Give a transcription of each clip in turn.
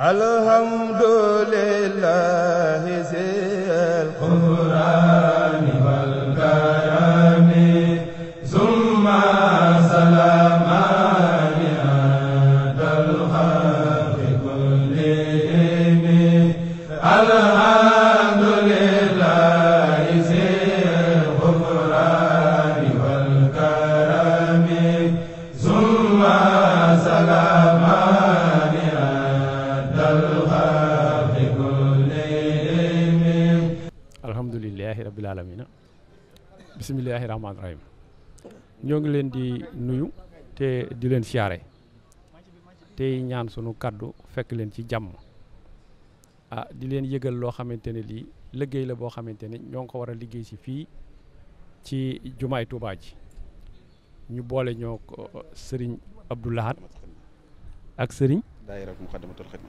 alhamdulillahi alhamdulilahi rabil alamina rahim ñoo ngi leen di nuyu te di leen siyaare tey ñaan sunu kàddu fekk leen ci jàmm a di leen yëgal loo xamante ne lii liggéey la boo xamante ne ñoo ngi ko war a liggéey si fii ci jumaay Tuubaa ji ñu boole ñoo ko sëriñ Abdou ak sëriñ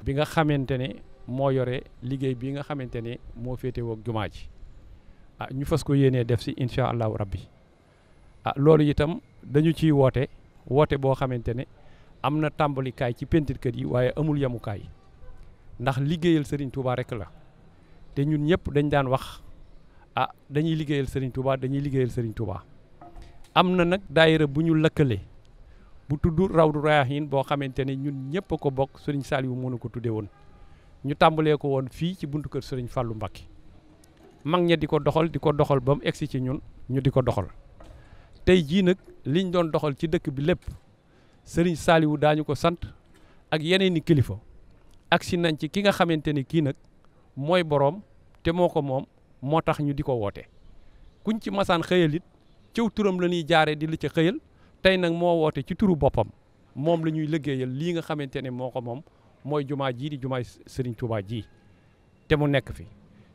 bi nga xamante ne moo yore liggéey bi nga xamante ne moo féete woog jumaa ji a ah, ñu fas ko yéenee def si incha allahu rabbi a ah, loolu itam dañu ciy woote woote boo xamante ne am na tàmbalikaay ci pentirkat yi waaye amul yemukaay ndax liggéeyal sëriñ Touba rek la te ñun ñëpp dañ daan wax ah dañuy liggéeyal sëriñ Touba dañuy liggéeyal sëriñ Touba am na nag daayira bu ñu lëkkalee bu tudd Rawdu Rayaahiin boo xamante ne ñun ñëpp ko bokk sëriñ Saliou mënu ko tuddee woon ñu tàmbalee ko woon fii ci buntu kër sëriñ Fallou Mbacké mag ña di ko doxal di ko doxal ba mu egsi ci ñun ñu di ko doxal tey jii nag liñ doon doxal ci dëkk bi lépp sëriñ saaliwu daañu ko sant ak yeneen i kilifa agsi nañ ci ki nga xamante ni kii nag mooy boroom te moo ko moom moo tax ñu di ko woote kuñ ci masaan xëyal it cëw turam la ñuy jaaree di la ci xëyal tey nag moo woote ci turu boppam moom la ñuy liggéeyal lii nga xamante ne moo ko moom mooy jumaa jii di jumaay sëriñ Touba ji te mu nekk fi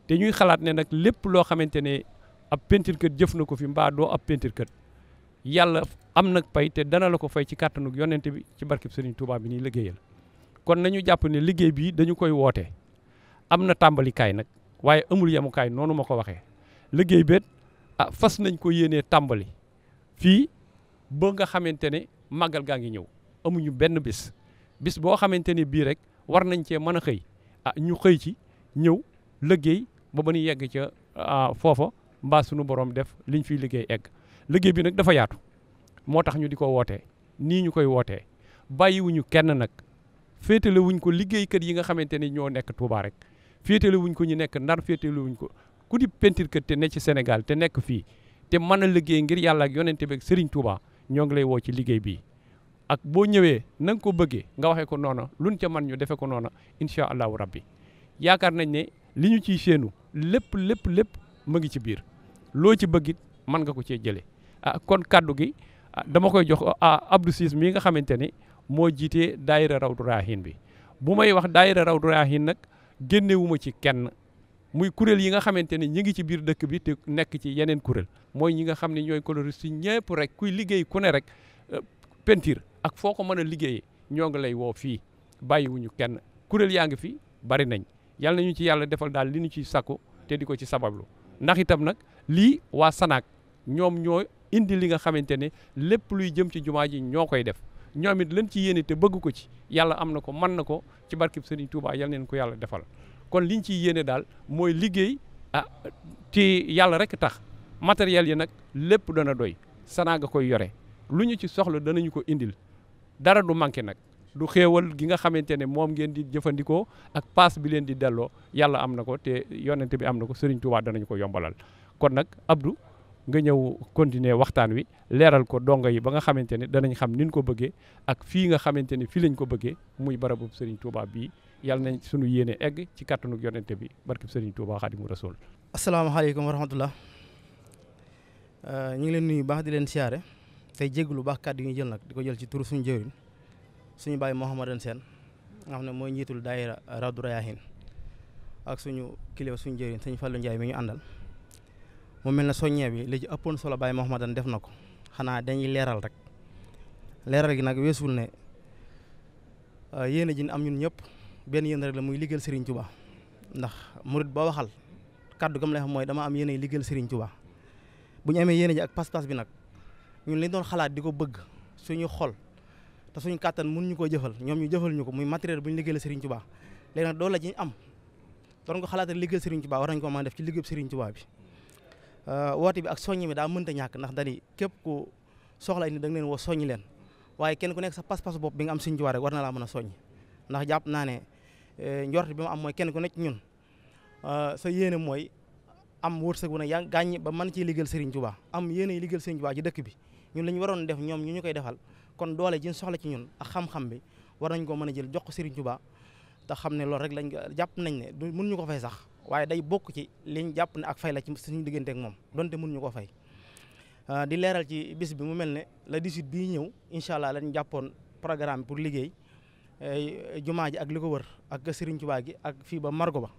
te ñuy xalaat ne nag lépp loo xamante ne ab peinture kët jëf na ko fi mbaa doo ab peinture kët yàlla am nag pay te dana la ko fay ci kàttanug yonente bi ci barkeb Serigne Touba bi ñuy liggéeyal kon nañu jàpp ne liggéey bii dañu koy woote am na tàmbalikaay nag waaye amul yemukaay noonu ma ko waxee liggéey beet ah fas nañ ko yéenee tàmbali fii ba nga xamante ne màggal gaa ngi ñëw amuñu benn bis bis boo xamante ne bii rek war nañ cee mën a xëy ah ñu xëy ci ñëw liggéey ba ba ñuy yegg ca ah, foofa mbaa sunu borom def li liñ fiy liggéey egg liggéey bi nag dafa yaatu moo tax ñu di ko wootee nii ñu koy wootee bàyyiwuñu kenn nag féetale wuñ ko liggéeykat yi nga xamante ni ñoo nekk Touba rek féetale ko ñu nekk Ndar féetale ko ku di peinture kat te ne ci Sénégal te nekk fii te mën a liggéey ngir yàlla ak yonente beeg Serigne Touba ñoo ngi lay woo ci liggéey bii. ak boo ñëwee nang ko bëggee nga waxee ko noona luñ ca man ñu defee ko noona incha allahu rabbi yaakaar nañ ne li ñu ciy séenu lépp lépp lépp mu ngi ci biir loo ci bëggit mën nga ko cee jëlee ah kon kàddu gi ah, dama koy jox ah, Abdou Ciss mii nga xamante ni moo jiitee daayira Rawdu Rayaahin bi bu may wax daayira Rawdu Rayaahin nag génnewuma ci kenn muy kuréel yi nga xamante ni ñi ngi ci biir dëkk bi te nekk ci yeneen kuréel mooy ñi nga xam ne ñooy coloriste yi ñëpp rek kuy liggéey ku ne rek euh, peinture ak foo ko mën a liggéeyee ñoo ngi lay woo fii bàyyiwuñu kenn kuréel yaa ngi fi bari nañ yàlla nañu ci yàlla defal daal li ñu ciy sakku te di ko ci sabablu ndax itam nag lii waa SANAC ñoom ñoo indi li nga xamante ne lépp luy jëm ci jumaa ji ñoo koy def ñoom it lañ ci yéene te bëgg ko ci yàlla am na ko mën na ko ci barkib Serigne Touba yal neen ko yàlla defal kon liñ ciy yéene daal mooy liggéey ah yàlla rek tax matériel yi nag lépp dana doy SANAC nga koy yore lu ñu ci soxla danañu ko indil dara du manqué nag du xéewal gi nga xamante ne moom ngeen di jëfandikoo ak paas bi leen di delloo yàlla am na ko te yonent bi am na ko sëriñ Touba danañ ko yombalal kon nag abdu nga ñëw continuer waxtaan wi leeral ko dongo yi ba nga xamante ne danañ xam nin ko bëggee ak fii nga xamante ne fii lañ ko bëggee muy barabu sëriñ Touba bii yàlla nañ suñu yéene egg ci kàttanug yonente bi barkib Serigne Touba Xaadimu Rasuul. asalaamaaleykum wa rahmatullah euh, ñu ngi leen nuyu baax di leen siyaare tey jégg lu baax kàddu yi ñu jël di ko jël ci turu suñu jëwriñ suñu baay Mouhamadou Sène nga xam ne mooy njiitul daayira Rawdu Rayaahin ak suñu kilifa suñu jëriñ sëñ Fallou Ndiaye mi ñu àndal mu mel ne soññee bi li ci ëppoon solo baay Mouhamadou def na ko xanaa dañuy leeral rek leeral gi nag weesul ne euh, yéen a ji am ñun ñëpp benn yéen rek la muy liggéeyal Serigne Touba ndax murid ba waxal kaddu gam lay mooy dama am yéen a liggéeyal Serigne Touba bu ñu amee yéen a ak pas-pas bi nag ñun liñ doon xalaat di ko bëgg suñu xol. te suñu kàttan mën ñu koo jëfal ñoom ñu jëfal ñu ko muy matériel bu ñu liggéeyal Serigne Touba léegi nag doolu la ji am doon ko xalaatal liggéeyal Serigne Touba war nañ ko mën a def ci liggéeyub Serigne Touba bi euh, bi ak soññ mi daa mënta ñàkk ndax dani képp ku soxla ni da nga leen woo soññ leen waaye kenn ku nekk sa pas-pas bopp bi nga am Serigne Touba rek war na laa mën a soññ ndax jàpp naa ne euh, njort bi mu am mooy kenn ku nekk ñun euh, sa yéene mooy am wërsëg bu ne yaa gàññ ba mën ciy liggéeyal Serigne Touba am yéene yi liggéeyal Serigne Touba ci dëkk bi ñun la ñu waroon def ñoom ñu ñu koy defal kon doole ji soxla ci ñun ak xam-xam bi war nañ ko mën a jël jox ko Serigne Touba te xam ne loolu rek lañ jàpp nañ ne du mënuñu ko fay sax waaye day bokk ci liñ jàpp ne ak fay la ci suñu diggante ak moom donte ñu ko fay. Euh, di leeral ci bis bi mu mel ne le 18 bi ñëw incha allah lañ jàppoon programme pour liggéey euh, jumaa ji ak li ko wër ak Serigne Touba gi ak fii ba Margo ba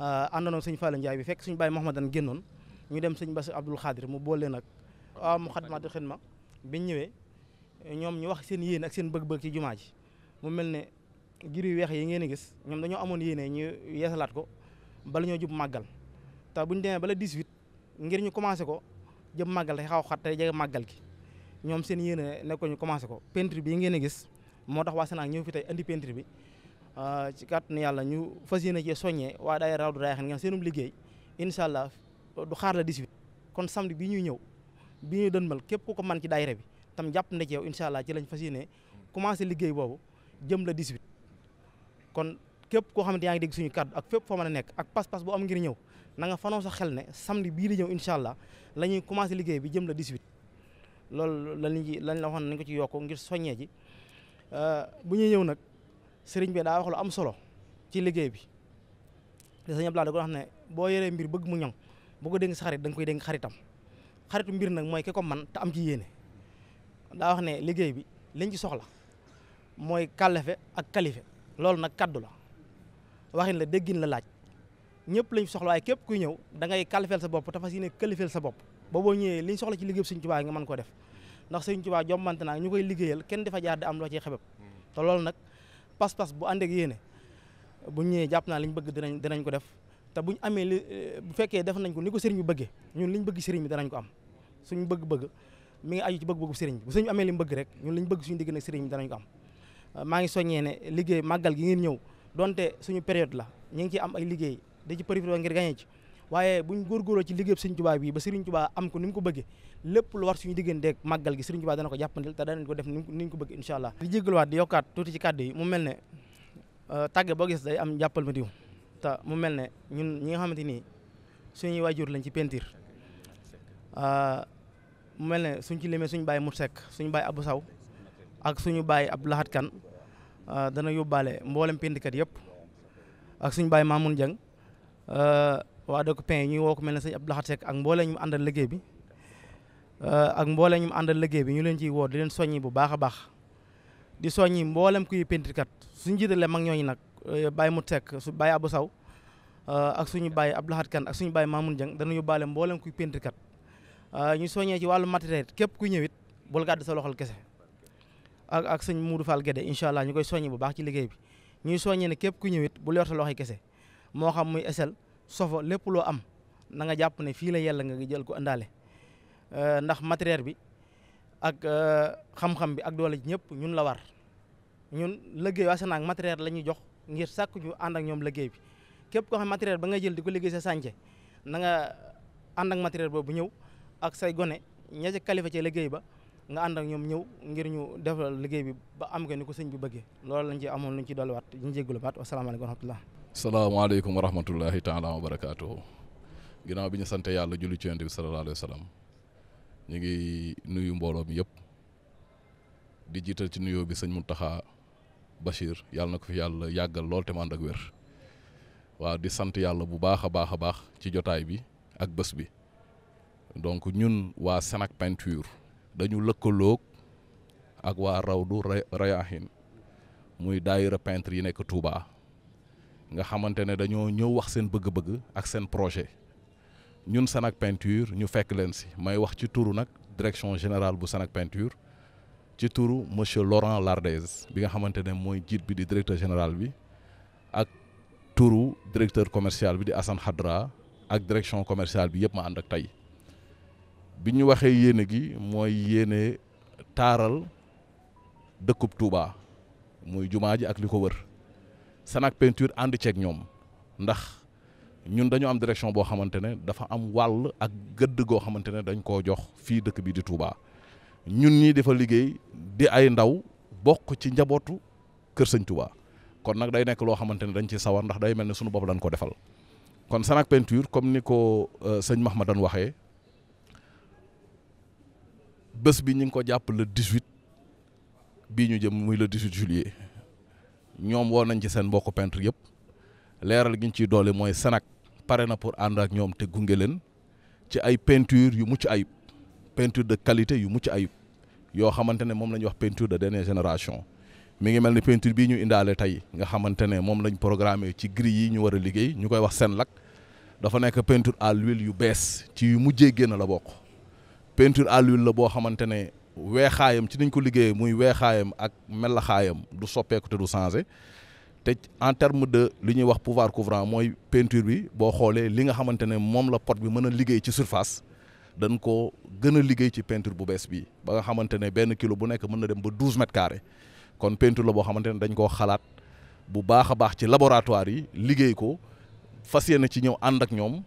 euh, àndandoo sëñ Fallou Ndiaye bi fekk suñ Baye Mouhamadan génnoon ñu dem sëñ Bass Abdoul Khadir mu boole nag. waaw ah, mu biñ ñëwee. ñoom ñu wax seen yéen ak seen bëgg-bëgg ci jumaa ji mu mel ne ngir yu weex yi ngeen a gis ñoom dañoo amoon yéene ñu yeesalaat ko bala ñoo jub màggal te buñ demee bala 18 ngir ñu commencé ko jëm màggal xaw xat tey jege màggal gi ñoom seen yéene nekkoon commencé ko peinture bi ngeen a gis moo tax waa Sénégal ñëw fi tey andi peinture bi ah, ci kàttanu yàlla ñu fas yéene cee soññee waa raw Rawdu Rayaaxin ngeen seenum liggéey incha allah du xaar la 18 kon samedi bi ñuy ñëw bi ñuy dënmal képp ku ko man ci daayira bi tam jàpp na ci yow incha allah ci lañ fas yéene commencé liggéey boobu jëm la 18 kon képp koo xamante yaa ngi dégg suñu kàddu ak fépp foo mën a nekk ak pas-pas bu am ngir ñëw na nga fanoo xel ne samedi bii di ñëw incha allah la ñuy commencé liggéey bi jëm la 18 loolu lañ ci lañ la waxoon nañ ko ci yokk ngir soññee ji euh, bu ñuy ñëw nag sëriñ be daa wax lu am solo ci liggéey bi te sëñ Abdoulaye da ko ne boo yoree mbir bëgg mu ñoŋ bu ko dénk sa xarit da nga koy dénk xaritam xaritu mbir nag mooy ki ko man te am ci yéene daa wax ne liggéey bi liñ ci soxla mooy kàllafe ak kalife loolu nag kaddu la waxin la déggin la laaj ñëpp lañ soxla waaye képp kuy ñëw da ngay kalifeel sa bopp te fas yéene kalifeel sa bopp ba boo ñëwee liñ soxla ci liggéey bi Sëñ Tuubaa nga mën koo def ndax Sëñ Tuubaa jombante naa ñu koy liggéeyal kenn dafa jaar di am loo ciy xebeb te loolu nag pas-pas bu ànd ak bu ñëwee jàpp naa liñ bëgg dinañ dinañ ko def te buñ amee li bu fekkee def nañ ko ni ko sëriñ bi bëggee ñun liñ bëgg sëriñ bi danañ ko am suñu bëgg-bëgg mi ngi aju ci bëgg-bëggu sëriñ bi bu sëriñ bi amee li mu bëgg rek ñun li ñu bëgg suñu digg nag sëriñ bi danañ ko euh, maa ngi soññee ne liggéey màggal gi ngeen ñëw donte suñu période la ñu ngi ciy am ay liggéey da ci profité ngir gagné ci waaye buñ góorgóorloo ci liggéey sëriñ Tuubaa bi ba sëriñ Tuubaa am ko ni mu ko bëggee lépp lu war suñu digganteeg màggal gi sëriñ Tuubaa dana ko jàppandil te danañ ko def ni ñu ko bëgg incha allah di jégaluwaat di yokkaat tuuti ci kàddu yi mu mel ne euh, tàgge boo gis day am jàppal ma diw te mu mel ne ñun ñi nga xamante ni suñuy waajur lañ ci peinture euh, mu mel ne suñ ci limee suñu baay mu sekk suñu baay Abou Saw ak suñu baay Abdou laxat Kan euh, dana yóbbaale mboolem pindikat yëpp ak suñu baay Mamoun Dieng euh, waa dëkk Pain ñuy woo ko mel ne sëñ Abdou Lahad Seck ak mbooleem mu àndal liggéey bi euh, ak mbooleem mu àndal liggéey bi ñu leen ciy woo di leen soññi bu baax a baax di soññi mboolem kuy pindikat suñu jiitalee mag ñooñu nag baay mu sekk su baay Abou Saw ak suñu baay Abdou Lahad suñu baay Mamoun Dieng dana yóbbaale mboolem kuy pindikat Euh, ñu soññee ci wàllu matériel képp ku ñëwit bul gàdd sa loxol kese ak ak sëñ Moudou Fall Guédé incha allah ñu koy soññi bu baax ci liggéey bi ñuy soññee ne képp ku ñëwit bul yor sa loxoy kese moo xam muy esel sofo lépp loo am na nga jàpp ne fii la yàlla nga jël ko àndaale euh, ndax matériel bi ak euh, xam-xam bi ak doole ñëpp ñun la war ñun liggéey waa Sénac matériel la ñuy jox ngir sàkk ñu ànd ak ñoom liggéey bi képp koo xam matériel ba nga jël di ko liggéey sa sànce na nga ànd ak matériel boobu ñëw ak say gone ña ca kalifa ci liggéey ba nga ànd ak ñoom ñëw ngir ñu defal liggéey bi ba am ko ni ko sëñ bi bëggee loolu lañ ci amoon luñ ci dolliwaat ñu jégalu baat wasalaamaaleykum wa rahmatullah salaamaaleykum wa rahmatullahi taala wa bi ñu sante yàlla julli ci yonent bi sallallahu alayhi wa sallam ngi nuyu mbooloo mi yëpp di jiital ci nuyoo bi sëñ Muntaxa Bachir yàlla na ko fi yàlla yàggal lool te mu ànd ak wér waaw di sant yàlla bu baax a baax a baax ci jotaay bi ak bës bi donc ñun waa Sénac peinture dañu lëkkaloog ak waa raw Rawdu Rayahin muy daayira peintre yi nekk Touba nga xamante ne dañoo ñëw wax seen bëgg-bëgg ak seen projet ñun Sénac peinture ñu fekk leen si may wax ci turu nag direction général bu Sénac peinture ci turu monsieur Laurent Lardès bi nga xamante ne mooy jiit bi di directeur général bi ak turu directeur commerciale bi di Assane Hadra ak direction commerciale bi yëpp ma ànd ak tey bi ñu waxee yéene gi mooy yéene taaral dëkkub Touba mooy jumaa ji ak li ko wër Sénac Peinture ànd ceeg ñoom ndax ñun dañu am direction boo xamante ne dafa am wàll ak gëdd goo xamante ne dañ koo jox fii dëkk bii di Touba ñun ñii dafa liggéey di ay ndaw bokk ci njabootu kër sañ Touba kon nag day nekk loo xamante ne dañ ci sawar ndax day mel ni sunu bopp lañ ko defal kon Sénac Peinture comme ni ko euh, sëñ Mahmadan waxee. bés bi ñu ngi ko jàpp le 18 bii ñu jëm muy le 18 juillet ñoom woo nañ ci seen mbokku peintre yëpp leeral gi ñu ciy doole mooy SENAC pare na pour ànd ak ñoom te gunge leen ci ay peinture yu mucc ayib peinture de qualité yu mucc ayib yoo xamante ne moom la ñuy wax peinture de dernière génération mu ngi mel ni peinture bii ñu indaale tey nga xamante ne moom lañ programmé ci grille yi ñu war a liggéey ñu koy wax seen lak dafa nekk peinture à l'huile yu bees ci yu mujjee génn la bokk. peinture à l'huile la boo xamante ne weexaayam ci niñ ko liggéeyee muy weexaayam ak melaxaayam du soppeeku te du changé te en terme de li ñuy wax pouvoir couvrant mooy peinture bi boo xoolee li nga xamante ne moom la pot bi mën a liggéey ci surface dañ ko gën a liggéey ci peinture bu bees bii ba nga xamante ne benn kilo bu nekk mën na dem ba douze mètres carrés kon peinture la boo xamante ne dañ koo xalaat bu baax a baax ci laboratoire yi liggéey ko fas yéene ci ñëw ànd ak ñoom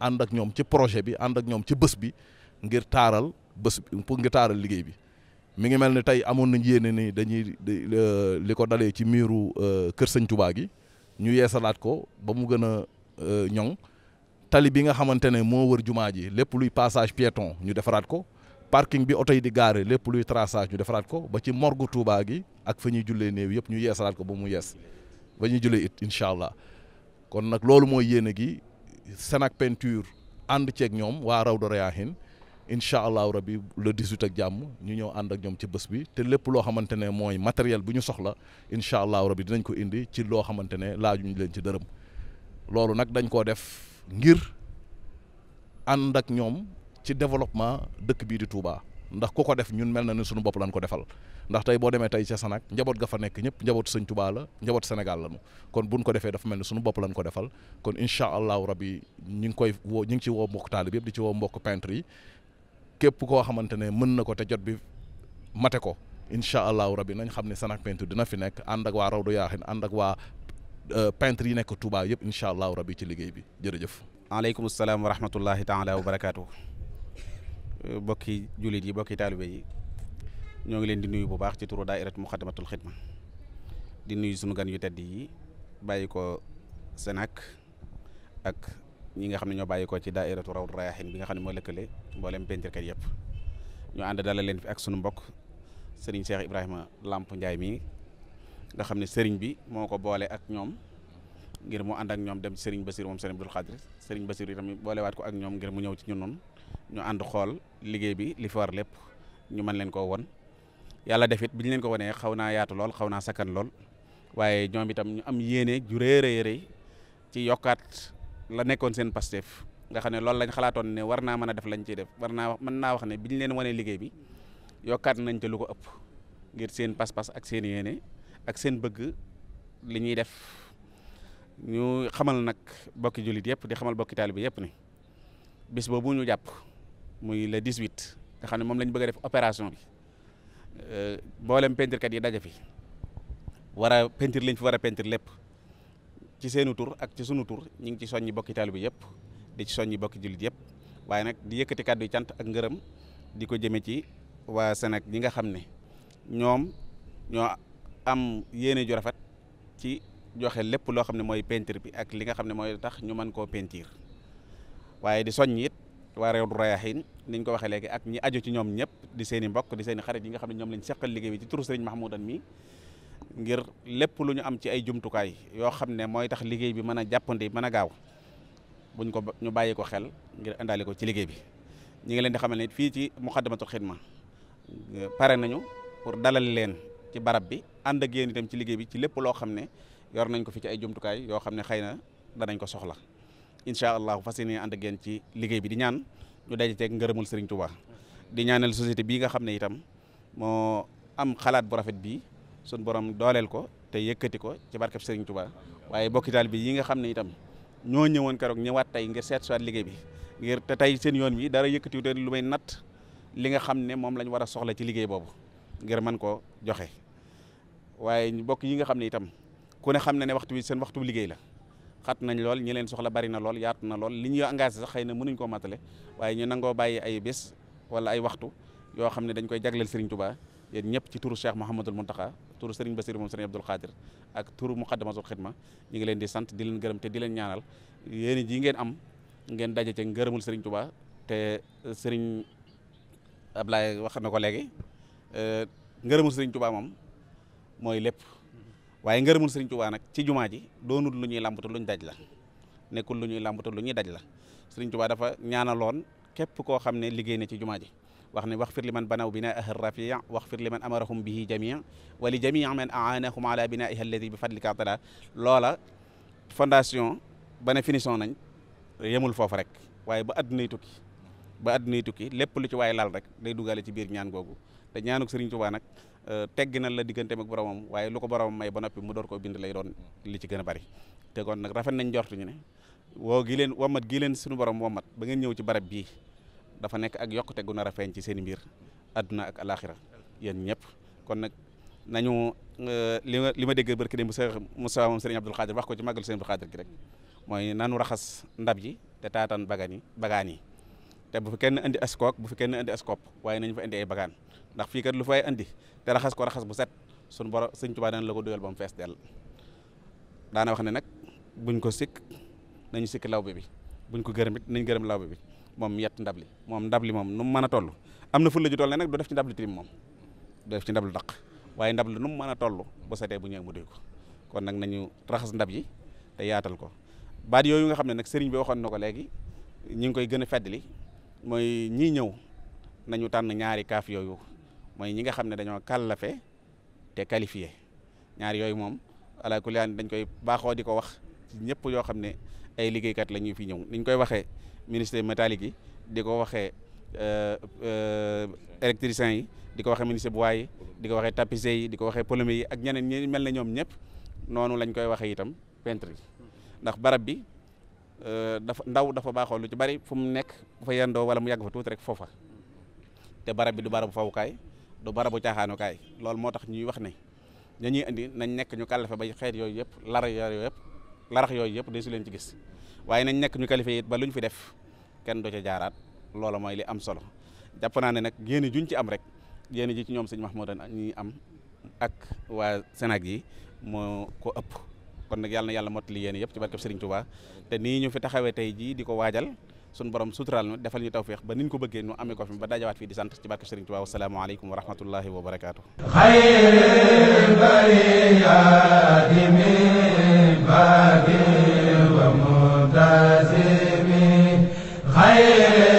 ànd ak ñoom ci projet bi ànd ak ñoom ci bës bi ngir taaral bés pour ngir taaral liggéey bi mi ngi mel ni tey amoon nañ yéene ni dañuy euh, li ko dalee ci miiru euh, Kër Sëñ Touba gi ñu yeesalaat ko ba mu gën a euh, ñoŋ tali bi nga xamante ne moo war jumaa ji lépp luy passage piéton ñu defaraat ko parking bi oto yi di gaare lépp luy traçage ñu defaraat ko ba ci morgu Touba gi ak fa ñuy jullee néew yëpp ñu yeesalaat ko ba mu yees ba ñuy jullee it incha allah kon nag loolu mooy yéene gi. Sénac peinture ànd ceek ñoom waa Rawdu Rayaahin incha allahu rabi le 18 ak jàmm ñu ñëw ànd ak ñoom ci bés bi te lépp loo xamante ne mooy matériel bu ñu soxla incha allahu rabi dinañ ko indi ci loo xamante ne laajuñu leen ci dërëm loolu nag dañ koo def ngir ànd ak ñoom ci développement dëkk bii di tuubaa ndax ku ko def ñun mel na ne suñu bopp lan ko defal ndax tey boo demee tey ca Sanak njaboot ga fa nekk ñëpp njabootu sañ Tuubaa la njabootu Sénégal la ñu kon buñ ko defee dafa mel ni suñu bopp lan ko defal kon incha allahu rabi ñi ngi koy woo ñi ngi ci woo mbokk taalib yëpp di ci woo mbokk peintre yi képp koo xamante ne mën na ko te jot bi mate ko incha allahu rabi nañ xam ne Sanak peinture dina fi nekk ànd ak waa Rawdu Yaaxin ànd ak waa euh, peintre yi nekk tubaa yëpp incha allahu rabi ci liggéey bi jërëjëf. aleykum salaam wa rahmatullahi taala barakaatu. bokki jullit yi bokki taalibe yi ñoo ngi leen di nuyu bu baax ci turu daairatu muxaddamatul xidma di nuyu sunu gan yu tedd yi bàyyi ko Sénac ak ñi nga xam ne ñoo bàyyi ko ci daairatu rawdu rayaahin bi nga xam ne moo lëkkale mboolem pencirkat yëpp ñu ànd dalal leen fi ak sunu mbokk sëriñ Cheikh Ibrahima Lamp njaay mii nga xam ne sëriñ bi moo ko boole ak ñoom ngir mu ànd ak ñoom dem ci sëriñ Basir moom sëriñ Abdul Xaadir sëriñ Basir itam boolewaat ko ñoom ngir mu ñëw ci ñun ñu ànd xool liggéey bi li fi war lépp ñu mën leen ko won yàlla def it bi ñu leen ko wonee xaw naa yaatu lool xaw naa sakkan lool waaye ñoom itam ñu am yéene ju rëy rëy ci yokkaat la nekkoon seen Pastef nga xam ne loolu lañ xalaatoon ne war naa mën a def lañ ciy def war naa wax naa wax ne bi ñu leen wanee liggéey yokkaat nañ ca lu ko ëpp ngir seen pas-pas ak seen yéene ak seen bëgg li ñuy def ñu xamal nag bokki jullit yëpp di xamal bokki taalibe yëpp ne bis boobu ñu jàpp muy le 18 nga xam ne moom lañ bëgg a def opération bi euh, mboolem pentirkat yi daje fi wara a lañ liñ fi war a pentir lépp ci seenu tur ak ci sunu tur ñu ngi ci soññi bokki taal bi yëpp di ci soññi bokki jullit yëpp waaye nag di yëkkati kàddu yi cant ak ngërëm di ko jëme ci waa Sénégal ñi nga xam ne ñoom ñoo am yéene ju rafet ci joxe lépp loo xam ne mooy peinture bi ak li nga xam ne mooy tax ñu mën koo peinture waaye di soññ waa Rawdu Rayaahiin niñ ko waxee léegi ak ñi ajo ci ñoom ñëpp di seen mbokk di seen i xarit yi nga xam ne ñoom lañ seqal liggéey bi ci turu Serigne Mahmoudan ngir lépp lu ñu am ci ay jumtukaay yoo xam ne mooy tax liggéey bi mën a jàppandi mën a gaaw buñ ko ñu bàyyi ko xel ngir indaale ko ci liggéey bi ñi ngi leen di xamal ne fii ci Muxaddamatul Xidma pare nañu pour dalal leen ci barab bi ànd ak yéen itam ci liggéey bi ci lépp loo xam ne yor nañ ko fi ci ay jumtukaay yoo xam ne xëy na danañ ko soxla incha allah fas yéene ànd ak ci liggéey bi di ñaan ñu daje teeg ngërëmul Serigne Touba di ñaanal société bii nga xam ne itam moo am xalaat bu rafet bi sun borom dooleel ko te yëkkati ko ci barkeb Serigne Touba waaye bokki daal bi yi nga xam ne itam ñoo ñëwoon keroog ñëwaat tey ngir seet soit liggéey bi ngir te tey seen yoon wi dara yëkkatiwu te lu may natt li nga xam ne moom lañ war a soxla ci liggéey boobu ngir man koo joxe waaye bokk yi nga xam ne itam ku xam na ne waxtu bi seen waxtu liggéey la xat nañ lool ñi leen soxla bari na lool yaat na lool li ñu engagé sax xëy na mënuñ koo matale waaye ñu nangoo bàyyi ay bés wala ay waxtu yoo xam ne dañ koy jagleel Serigne Touba yéen ñëpp ci turu Cheikh Mouhamadul Mountakha turu Serigne Bassirou moom Serigne Abdoul Khadir ak turu Muqaddamatul Xidma ñu ngi leen di sant di leen gërëm te di leen ñaanal yéen ji ngeen am ngeen daje ca ngërëmul Serigne Touba te sëriñ Ablaye wax na ko léegi euh, ngërëmul Serigne Touba moom mooy lépp. waaye ngërëmul Sëriñ Tuubaa nag ci jumaa ji doonul lu ñuy làmbatu lu ñu daj la nekkul lu ñuy làmbatu lu ñuy daj la Sëriñ Tuubaa dafa ñaanaloon képp koo xam ne liggéey na ci jumaa ji wax ne wax fir li man banaw binaaha rafia wax fir li man amarahum bihi jamia wa li jamia man aanahum ala binaiha alladi bi fadlika tala loola fondation ba ne nañ yemul foofu rek waaye ba addunay tukki ba addunay tukki lépp lu ci waaye laal rek day dugale ci biir ñaan googu te ñaanuk Serigne Touba nag euh, tegginal la digganteem ak boromam waaye lu ko boromam may ba noppi mu door ko bind lay doon li ci gën a bari te kon nag rafet nañ jortuñu ne woo gi leen womat gi leen suñu borom womat ba ngeen ñëw ci barab bii dafa nekk ak yokkute gu nar a ci seen i mbir adduna ak alaxira yéen ñëpp kon nag nañu euh, li ma li ma dégg barki dem bu Seex Musaa moom Serigne Abdul Xaadir wax ko ci màggal seen Abdul Xaadir gi rek mooy nanu raxas ndab yi te taataan bagaan yi bagaan yi te bu kenn indi askook bu fi kenn indi waaye nañ fa indi bagaan ndax fii kat lu fay andi te raxas ko raxas bu set sunu borom sëñ Tuubaa dana la ko dugal ba fees del daana wax ne nag buñ ko sikk nañu sikk lawbe bi buñ ko gërëm it nañ gërëm lawbe bi moom yett ndab li moom ndab li moom nu mu mën a toll am na fulla ju toll ne nag du def ci ndab li moom du def ci ndab lu daq waaye ndab li nu mu mën a toll bu setee bu ñëwee mu duy ko kon nag nañu raxas ndab yi te yaatal ko baat yooyu nga xam ne nag sëriñ bi waxoon na ko léegi ñu ngi koy gën a feddali mooy ñii ñëw nañu tànn ñaari kaaf yooyu mooy ñi nga xam ne dañoo kàllafe te qualifié ñaar yooyu moom ala kulli dañ koy baaxoo di ko wax ci ñëpp yoo xam ne ay liggéeykat la ñu fi ñëw niñ koy waxee ministre métalique yi di ko waxee euh, euh, électricien yi di ko waxe ministre bois yi di ko waxee tapissier yi di ko waxee plombier yi ak ñeneen ñi mel na ñoom ñëpp noonu lañ koy waxee itam peintre yi ndax barab bi euh, dafa ndaw dafa baaxoo lu ci bari fu mu nekk fa yendoo wala mu yàgg fa tuuti rek foofa te barab bi du barabu fawukaay du barabu kaay loolu moo tax ñuy wax ne dañuy indi nañ nekk ñu kàllafe bay xeet yooyu yëpp lara yooyu yëpp larax yooyu yëpp day su ci gis waaye nañ nekk ñu qualifié it ba lu ñu fi def kenn do ca jaaraat loola mooy li am solo jàpp naa ne nag génne juñ ci am rek yéene ji ci ñoom sëñ Mahmoudan ñi am ak waa Sénag yi moo ko ëpp kon nag yàlla na yàlla mottali yéene yëpp ci barkeb Serigne Touba te nii ñu fi taxawee tey jii di ko waajal sun borom suturaal nu defal ñu tawféex ba niñ ko bëggee nu amee ko fi ba dajawaat fii di sant ci barke Serigne Touba asalaamaaleykum wa rahmatullahi wa barakaatu xayril bariyaati min baadi wa muntasibi